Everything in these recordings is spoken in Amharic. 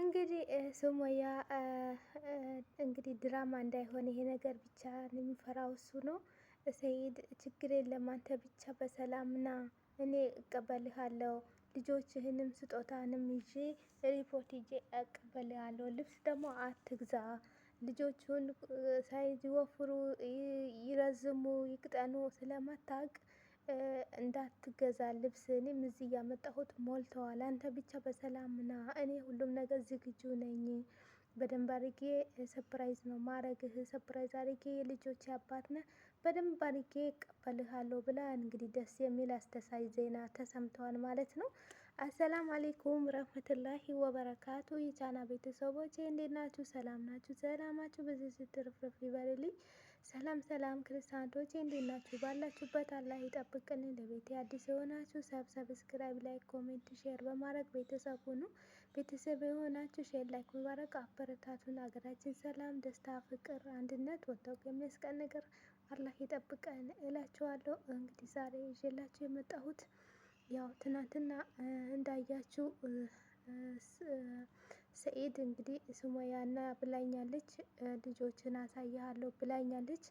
እንግዲህ ሱመያ እንግዲህ ድራማ እንዳይሆን ይሄ ነገር ብቻ የሚፈራው እሱ ነው። ሰይድ ችግር የለም አንተ ብቻ በሰላም ና፣ እኔ እቀበልሃለሁ። ልጆችህንም ስጦታንም ይዤ ሪፖርት ይዤ እቀበልሃለሁ። ልብስ ደግሞ አትግዛ። ልጆቹን ሳይዝ ይወፍሩ፣ ይረዝሙ፣ ይቅጠኑ ስለማታውቅ እንዳትገዛ ልብስ እኔም እዚህ እያመጣሁት ሞልተዋል። አንተ ብቻ በሰላም ና፣ እኔ ሁሉም ነገር ዝግጁ ነኝ። በደንብ አድርጌ ሰፕራይዝ ነው ማረግህ። ሰፕራይዝ አድርጌ የልጆች አባት ነህ፣ በደንብ አድርጌ እቀበልሃለሁ ብላ እንግዲህ ደስ የሚል አስተሳይ ዜና ተሰምተዋል ማለት ነው። አሰላም አሌይኩም ረህመቱላሂ ወበረካቱ የቻና ቤተሰቦች እንዴት ናችሁ? ሰላም ናችሁ? ሰላማችሁ ብዙ ስትርፍርፍ ይበልልኝ። ሰላም ሰላም ክርስቲያኖቼ እንዴት ናችሁ? ባላችሁበት አላህ ይጠብቅን። ለቤቴ አዲስ የሆናችሁ ሰብ ሰብስክራይብ፣ ላይክ፣ ኮሜንት፣ ሼር በማድረግ ቤተሰብ ሁኑ። ቤተሰብ የሆናችሁ ሼር፣ ላይክ በማድረግ አበረታቱን። ሀገራችን ሰላም፣ ደስታ፣ ፍቅር፣ አንድነት ወደው የሚያስቀን ነገር አላህ ይጠብቀን እላችኋለሁ። እንግዲህ ዛሬ ይዤላችሁ የመጣሁት ያው ትናንትና እንዳያችሁ ሰኢድ እንግዲህ ሱመያና ብላኛለች ልጆችን አሳያለሁ ብላኛለች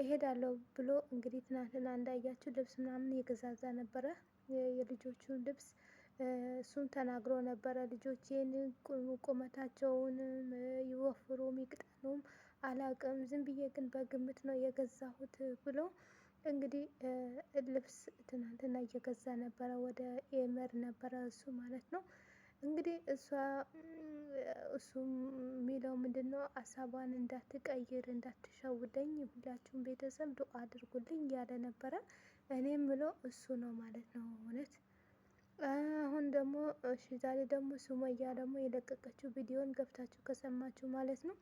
እሄዳለሁ ብሎ እንግዲህ ትናንትና እንዳያችሁ ልብስ ምናምን የገዛዛ ነበረ የልጆቹን ልብስ እሱም ተናግሮ ነበረ። ልጆቼን ቁመታቸውን ይወፍሩም ይቅጠኑም አላቅም፣ ዝም ብዬ ግን በግምት ነው የገዛሁት ብሎ እንግዲህ ልብስ ትናንትና እየገዛ ነበረ። ወደ ኤመር ነበረ እሱ ማለት ነው እንግዲህ እሷ እሱ የሚለው ምንድን ነው? አሳቧን እንዳትቀይር እንዳትሸውደኝ ሁላችሁም ቤተሰብ ዱአ አድርጉልኝ እያለ ነበረ። እኔ ምለው እሱ ነው ማለት ነው እውነት። አሁን ደግሞ እሺ፣ ዛሬ ደግሞ ሱመያ ደግሞ የለቀቀችው ቪዲዮን ገብታችሁ ከሰማችሁ ማለት ነው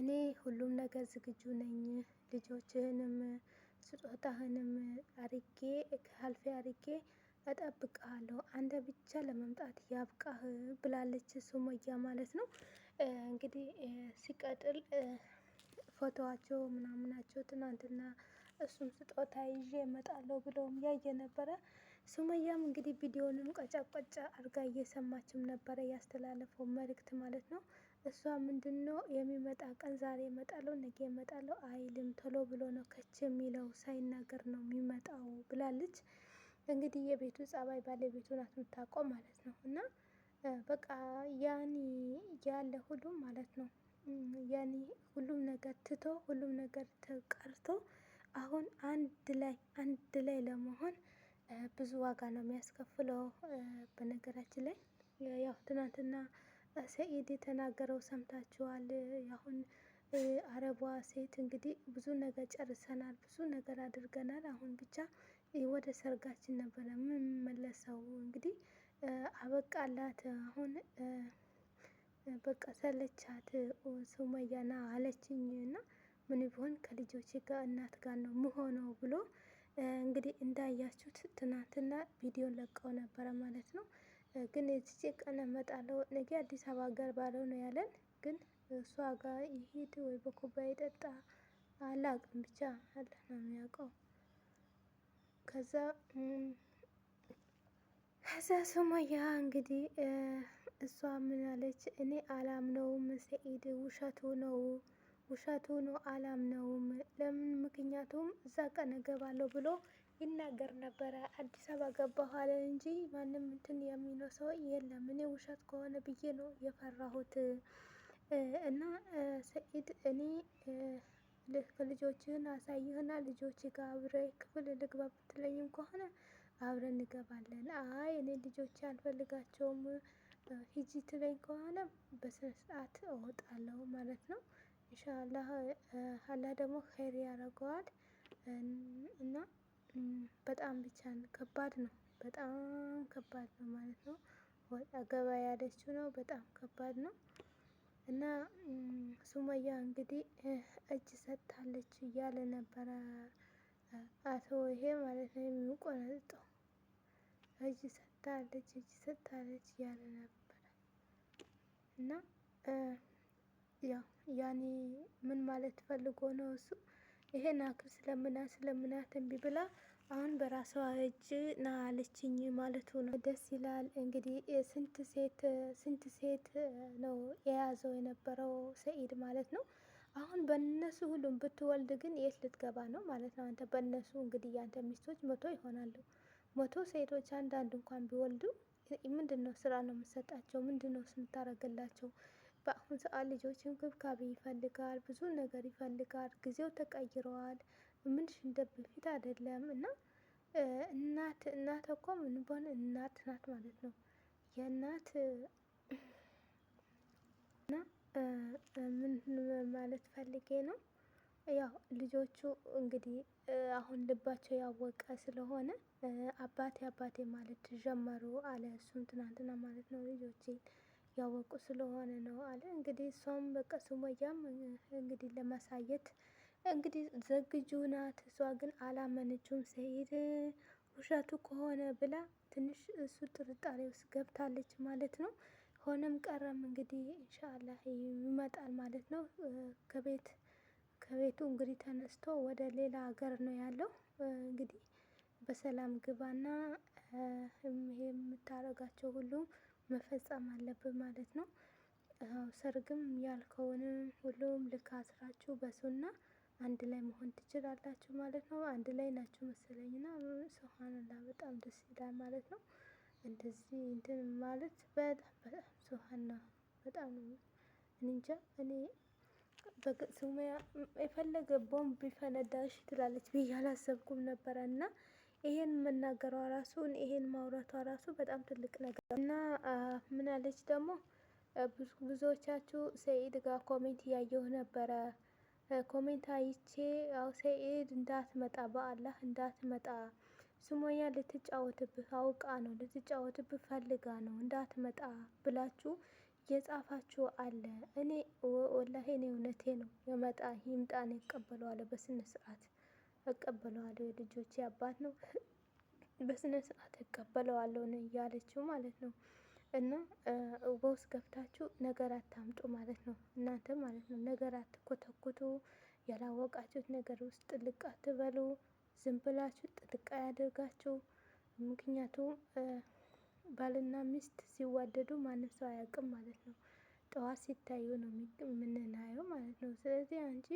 እኔ ሁሉም ነገር ዝግጁ ነኝ፣ ልጆችህንም ስጦታህንም አርጌ ከአልፌ አርጌ እጠብቅሃለሁ አንተ ብቻ ለመምጣት ያብቃህ ብላለች ሱመያ ማለት ነው። እንግዲህ ሲቀጥል ፎቶዋቸው ምናምናቸው ትናንትና እሱም ስጦታ ይዤ እመጣለሁ ብለውም ያየ ነበረ። ሱመያም እንግዲህ ቪዲዮንም ቀጫቀጫ አድርጋ እየሰማችም ነበረ ያስተላለፈው መልእክት ማለት ነው። እሷ ምንድን ነው የሚመጣ ቀን ዛሬ እመጣለሁ ነገ እመጣለሁ አይልም፣ ቶሎ ብሎ ነው ከች የሚለው ሳይናገር ነው የሚመጣው ብላለች። እንግዲህ የቤቱ ጸባይ ባለቤቱ ናት የምታውቀው ማለት ነው። እና በቃ ያኔ ያለ ሁሉም ማለት ነው ያኔ ሁሉም ነገር ትቶ ሁሉም ነገር ተቀርቶ አሁን አንድ ላይ አንድ ላይ ለመሆን ብዙ ዋጋ ነው የሚያስከፍለው። በነገራችን ላይ ያው ትናንትና ሰኢድ የተናገረው ሰምታችኋል። አሁን አረቧ ሴት እንግዲህ ብዙ ነገር ጨርሰናል፣ ብዙ ነገር አድርገናል። አሁን ብቻ ወደ ሰርጋችን ነበረ የምንመለሰው። እንግዲህ አበቃላት። አሁን በቃ ሰለቻት ሱመያና አለችኝ እና ምን ቢሆን ከልጆች ጋር እናት ጋር ነው ምሆነው ብሎ እንግዲህ እንዳያችሁት ትናንትና ቪዲዮን ለቀው ነበረ ማለት ነው። ግን እዚህ ቀን እመጣለሁ ነገ አዲስ አበባ ጋር ባለው ነው ያለን። ግን እሷ ጋር ይሄድ ወይ በኩባ ይጠጣ አላቅም ብቻ አለ ነው የሚያውቀው። ከዛ ከዛ ሱመያ እንግዲህ እሷ ምናለች፣ እኔ አላምነውም፣ ሰኢድ ውሸቱ ነው ውሸቱ ነው አላምነውም። ለምን ምክንያቱም እዛ ቀን እገባለሁ ብሎ ይናገር ነበረ። አዲስ አበባ ገባሁ አለ እንጂ ማንም እንትን የሚለው ሰው የለም። እኔ ውሸት ከሆነ ብዬ ነው የፈራሁት እና ሰኢድ እኔ ልክ ልጆችህን አሳይህና ልጆች ጋር አብረህ ክፍል ልግባ ብትለኝም ከሆነ አብረን እንገባለን። አይ እኔ ልጆች አልፈልጋቸውም ሂጂ ትለኝ ከሆነ በስነ ስርዓት እወጣለሁ ማለት ነው። ኢንሻላህ አላህ ደግሞ ኸይር ያደርገዋል። እና በጣም ብቻ ከባድ ነው፣ በጣም ከባድ ነው ማለት ነው። ወጣ ገባ ያለችው ነው። በጣም ከባድ ነው። እና ሱመያ እንግዲህ እጅ ሰጥታለች እያለ ነበረ አቶ ይሄ ማለት ነው የሚቆነጠው እጅ ሰጥታለች እጅ ሰጥታለች እያለ ነበረ እና ያው ያኔ ምን ማለት ፈልጎ ነው እሱ ይሄን አክል ስለምናት ስለምናት እምቢ ብላ አሁን በራሷ እጅ ና አለችኝ ማለቱ ነው። ደስ ይላል እንግዲህ ስንት ሴት ስንት ሴት ነው የያዘው የነበረው ሰኢድ ማለት ነው። አሁን በነሱ ሁሉም ብትወልድ ግን የት ልትገባ ነው ማለት ነው። አንተ በነሱ እንግዲህ ያንተ ሚስቶች መቶ ይሆናሉ። መቶ ሴቶች አንዳንድ እንኳን ቢወልዱ ምንድን ነው ስራ ነው የምሰጣቸው? ምንድን ነው የምታደርግላቸው? በአሁን ሰዓት ልጆች እንክብካቤ ይፈልጋል፣ ብዙ ነገር ይፈልጋል። ጊዜው ተቀይረዋል። ምንሽ እንደ በፊት አይደለም እና እናት እናት እኮ ምን በሆነ እናት ናት ማለት ነው። የእናት እና ምን ማለት ፈልጌ ነው ያው ልጆቹ እንግዲህ አሁን ልባቸው ያወቀ ስለሆነ አባቴ አባቴ ማለት ጀመሩ አለ። እሱም ትናንትና ማለት ነው ልጆቼ ያወቁ ስለሆነ ነው አለ። እንግዲህ እሷም በቃ ሱመያም እንግዲህ ለማሳየት እንግዲህ ዘግጁ ናት። እሷ ግን አላመነችውም። ሰኢድ ውሸቱ ከሆነ ብላ ትንሽ እሱ ጥርጣሬ ውስጥ ገብታለች ማለት ነው። ሆነም ቀረም እንግዲህ እንሻላ ይመጣል ማለት ነው። ከቤት ከቤቱ እንግዲህ ተነስቶ ወደ ሌላ ሀገር ነው ያለው። እንግዲህ በሰላም ግባና ይሄ የምታረጋቸው ሁሉ መፈጸም አለብን ማለት ነው። ሰርግም ያልከውንም ሁሉም ልክ አስራችሁ በሱና አንድ ላይ መሆን ትችላላችሁ ማለት ነው። አንድ ላይ ናችሁ መሰለኝ እና ሱብሃንላህ በጣም ደስ ይላል ማለት ነው። እንደዚህ እንትን ማለት በጣም በጣም ሱብሃና በጣም እንጃ እኔ በሱመያ የፈለገ ቦምብ ቢፈነዳሽ ትላለች ብዬ አላሰብኩም ነበረ እና ይሄን መናገሯ ራሱ ይሄን ማውራቷ ራሱ በጣም ትልቅ ነገር እና ምናለች ደግሞ ብዙዎቻችሁ ሰኢድ ጋር ኮሜንት እያየሁ ነበረ ኮሜንት አይቼ ያው ሰኢድ እንዳትመጣ በአላህ እንዳትመጣ ሱመያ ልትጫወትብህ አውቃ ነው ልትጫወትብህ ፈልጋ ነው እንዳትመጣ ብላችሁ የጻፋችሁ አለ። እኔ ወላሂ እኔ እውነቴ ነው የመጣ ይምጣ ነው ይቀበለዋለሁ፣ በስነ ስርዓት እቀበለዋለሁ። የልጆቼ አባት ነው በስነ ስርዓት እቀበለዋለሁ ነው እያለችው ማለት ነው። እና በውስጥ ገብታችሁ ነገር አታምጡ ማለት ነው። እናንተ ማለት ነው ነገር አትኮተኩቱ። ያላወቃችሁት ነገር ውስጥ ጥልቅ አትበሉ። ዝም ብላችሁ ጥልቅ አያደርጋችሁ። ምክንያቱም ባልና ሚስት ሲዋደዱ ማንም ሰው አያውቅም ማለት ነው። ጠዋት ሲታዩ ነው የምንናየው ማለት ነው። ስለዚህ አንቺ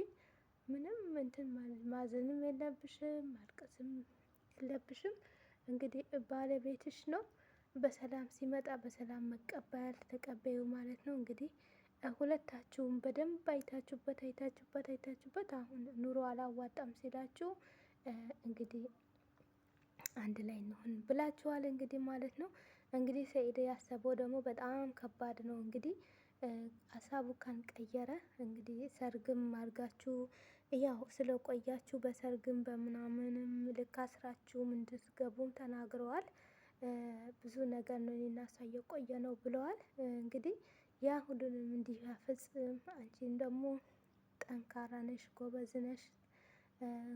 ምንም እንትን ማዘንም የለብሽም ማልቀስም የለብሽም። እንግዲህ ባለቤትሽ ነው በሰላም ሲመጣ በሰላም መቀበል ተቀበዩ ማለት ነው። እንግዲህ ሁለታችሁም በደንብ አይታችሁበት አይታችሁበት አይታችሁበት አሁን ኑሮ አላዋጣም ሲላችሁ እንግዲህ አንድ ላይ እንሆን ብላችኋል እንግዲህ ማለት ነው። እንግዲህ ሰኢድ ያሰበው ደግሞ በጣም ከባድ ነው። እንግዲህ ሀሳቡ ካንቀየረ እንግዲህ ሰርግም አድርጋችሁ ያው ስለቆያችሁ በሰርግም በምናምንም ልክ አስራችሁም እንድትገቡም ተናግረዋል። ብዙ ነገር ነው ልናሳይ የቆየ ነው ብለዋል። እንግዲህ ያ ሁሉንም እንዲያፈጽም አንቺን ደግሞ ጠንካራ ነሽ፣ ጎበዝ ነሽ፣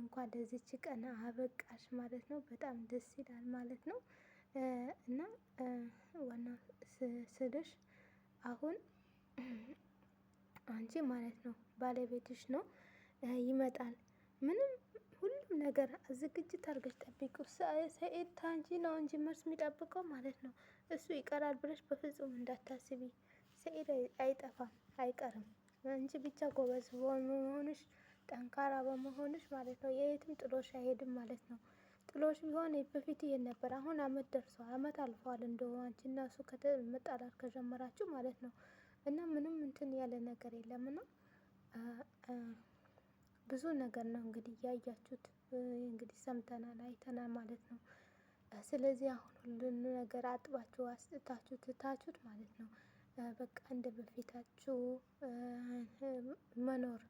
እንኳን ለዚች ቀን አበቃሽ ማለት ነው። በጣም ደስ ይላል ማለት ነው። እና ዋና ስልሽ አሁን አንቺ ማለት ነው ባለቤትሽ ነው ይመጣል ምንም ሁሉም ነገር ዝግጅት አድርገሽ ጠብቂው። ሰኢድ ታንቺ ነው እንጂ መልስ የሚጠብቀው ማለት ነው። እሱ ይቀራል ብለሽ በፍጹም እንዳታስቢ። ሰኢድ አይጠፋም፣ አይቀርም። አንቺ ብቻ ጎበዝ በመሆንሽ ጠንካራ በመሆንሽ ማለት ነው። የትም ጥሎሽ አይሄድም ማለት ነው። ጥሎሽ ቢሆን በፊት ይሄን ነበር። አሁን አመት ደርሷል፣ አመት አልፏል። እንደው አንቺ እና እሱ መጣላት ከጀመራችሁ ማለት ነው። እና ምንም እንትን ያለ ነገር የለም ብዙ ነገር ነው እንግዲህ ያያችሁት እንግዲህ ሰምተናል አይተናል ማለት ነው። ስለዚህ አሁን ሁሉን ነገር አጥባችሁ አስጥታችሁ ትታችሁት ማለት ነው። በቃ እንደ በፊታችሁ መኖር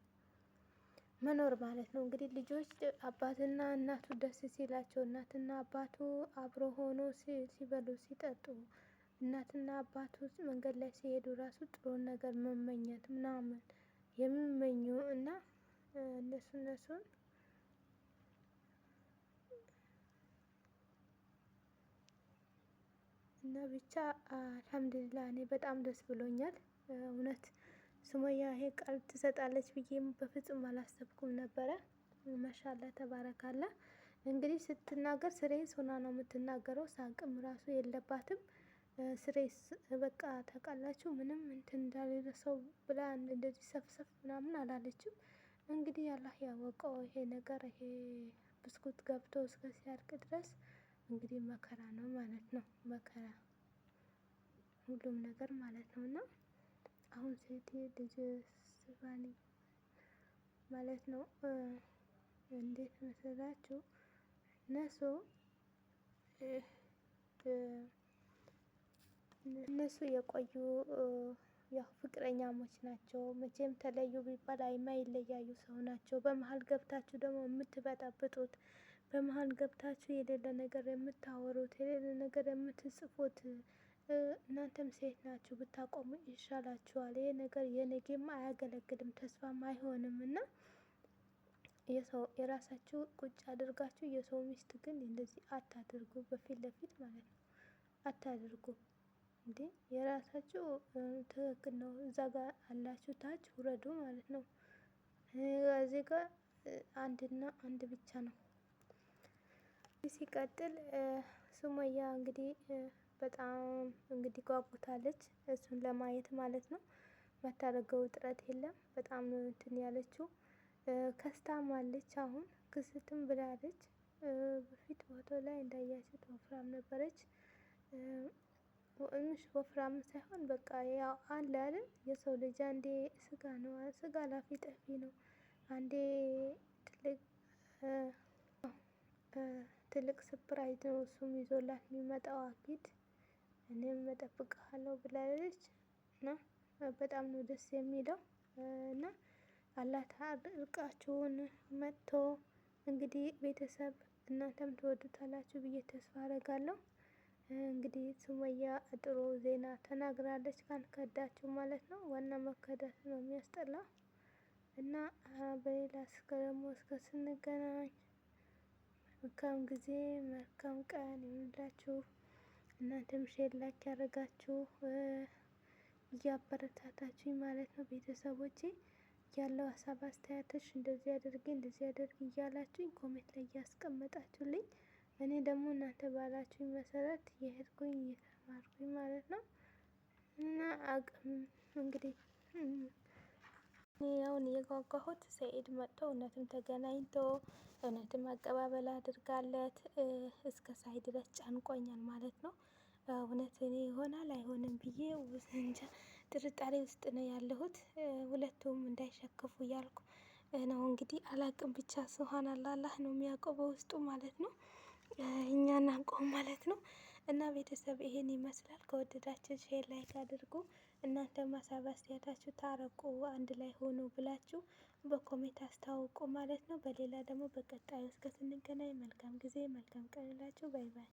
መኖር ማለት ነው። እንግዲህ ልጆች አባትና እናቱ ደስ ሲላቸው እናትና አባቱ አብሮ ሆኖ ሲበሉ ሲጠጡ፣ እናትና አባቱ መንገድ ላይ ሲሄዱ ራሱ ጥሩ ነገር መመኘት ምናምን የሚመኙ እና እነሱ እነሱን እና ብቻ አልሐምዱሊላ እኔ በጣም ደስ ብሎኛል። እውነት ሱመያ ይሄ ቃል ትሰጣለች ብዬም በፍጹም አላሰብኩም ነበረ። ማሻላ ተባረካለ እንግዲህ ስትናገር ስሬስ ሆና ነው የምትናገረው። ሳቅም ራሱ የለባትም። ስሬስ በቃ ታውቃላችሁ፣ ምንም እንትን እንዳሌለ ሰው ብላ እንደዚህ ሰፍሰፍ ምናምን አላለችም። እንግዲህ አላህ ያወቀው ይሄ ነገር ይሄ ብስኩት ገብቶ እስከ ሲያልቅ ድረስ እንግዲህ መከራ ነው ማለት ነው። መከራ ሁሉም ነገር ማለት ነው። እና አሁን ሴት ልጅ ስባኒ ማለት ነው እንዴት መሰላችሁ እነሱ እነሱ የቆዩ ያው ፍቅረኛሞች ናቸው። መቼም ተለዩ ቢባል የማይለያዩ ሰው ናቸው። በመሀል ገብታችሁ ደግሞ የምትበጠብጡት በመሀል ገብታችሁ የሌለ ነገር የምታወሩት፣ የሌለ ነገር የምትጽፉት እናንተም ሴት ናችሁ ብታቆሙ ይሻላችኋል። ይህ ነገር የነጌም አያገለግልም ተስፋም አይሆንም እና የሰው የራሳችሁ ቁጭ አድርጋችሁ የሰው ሚስት ግን እንደዚህ አታድርጉ፣ በፊት ለፊት ማለት ነው አታድርጉ። እንዴ የራሳችሁ ትክክል ነው። እዛ ጋር አላችሁ ታች ውረዱ ማለት ነው። እዚህ ጋር አንድና አንድ ብቻ ነው። ሲቀጥል ሱመያ እንግዲህ በጣም እንግዲህ ጓጉታለች እሱን ለማየት ማለት ነው። የማታደርገው ጥረት የለም። በጣም ነው እንትን ያለችው ከስታማለች። አሁን ክስትም ብላለች። በፊት ፎቶ ላይ እንዳያችሁት ወፍራም ነበረች። ትንሽ ወፍራም ሳይሆን በቃ ያው አለ አይደል የሰው ልጅ አንዴ ስጋ ነው ስጋ ላፊ ጠፊ ነው። አንዴ ትልቅ ትልቅ ስፕራይዝ ነው እሱም ይዞላት የሚመጣው አኪድ እኔም እጠብቅሃለሁ ብላለች እና በጣም ነው ደስ የሚለው እና አላት እርቃችሁን መጥቶ እንግዲህ ቤተሰብ እናንተም ትወዱታላችሁ ብዬ ተስፋ አደርጋለሁ። እንግዲህ ሱመያ ጥሩ ዜና ተናግራለች። ካልከዳችሁ ማለት ነው። ዋና መከዳት ነው የሚያስጠላ እና በሌላ እስከ ደግሞ እስከ ስንገናኝ መልካም ጊዜ መልካም ቀን ይሁንላችሁ። እናንተም ሼር ላይክ ያደረጋችሁ እያበረታታችሁኝ ማለት ነው ቤተሰቦቼ ያለው ሀሳብ አስተያየቶች እንደዚህ አድርጌ እንደዚህ አድርጌ እያላችሁኝ ኮሜንት ላይ እያስቀመጣችሁልኝ እኔ ደግሞ እናንተ ባላችሁኝ መሰረት የሄድኩኝ እየተማርኩኝ ማለት ነው። እና አቅም እንግዲህ ያውን የጓጓሁት ሰኢድ መጥቶ እውነትም ተገናኝቶ እውነትም አቀባበል አድርጋለት እስከ ሳይ ድረስ ጨንቆኛል ማለት ነው። እውነት እኔ ይሆናል አይሆንም ብዬ እንጃ ጥርጣሬ ውስጥ ነው ያለሁት። ሁለቱም እንዳይሸክፉ እያልኩ ነው እንግዲህ አላቅም ብቻ ስሆን አላህ ነው የሚያውቀው በውስጡ ማለት ነው። እኛ ናቆም ማለት ነው። እና ቤተሰብ ይሄን ይመስላል። ከወደዳችሁ ሼር ላይክ አድርጉ። እናንተ ማሳብ አስተያየታችሁ ታረቁ፣ አንድ ላይ ሆኑ ብላችሁ በኮሜንት አስታውቁ ማለት ነው። በሌላ ደግሞ በቀጣዩ እስከ ስንገናኝ መልካም ጊዜ መልካም ቀን ይላችሁ። ባይ ባይ።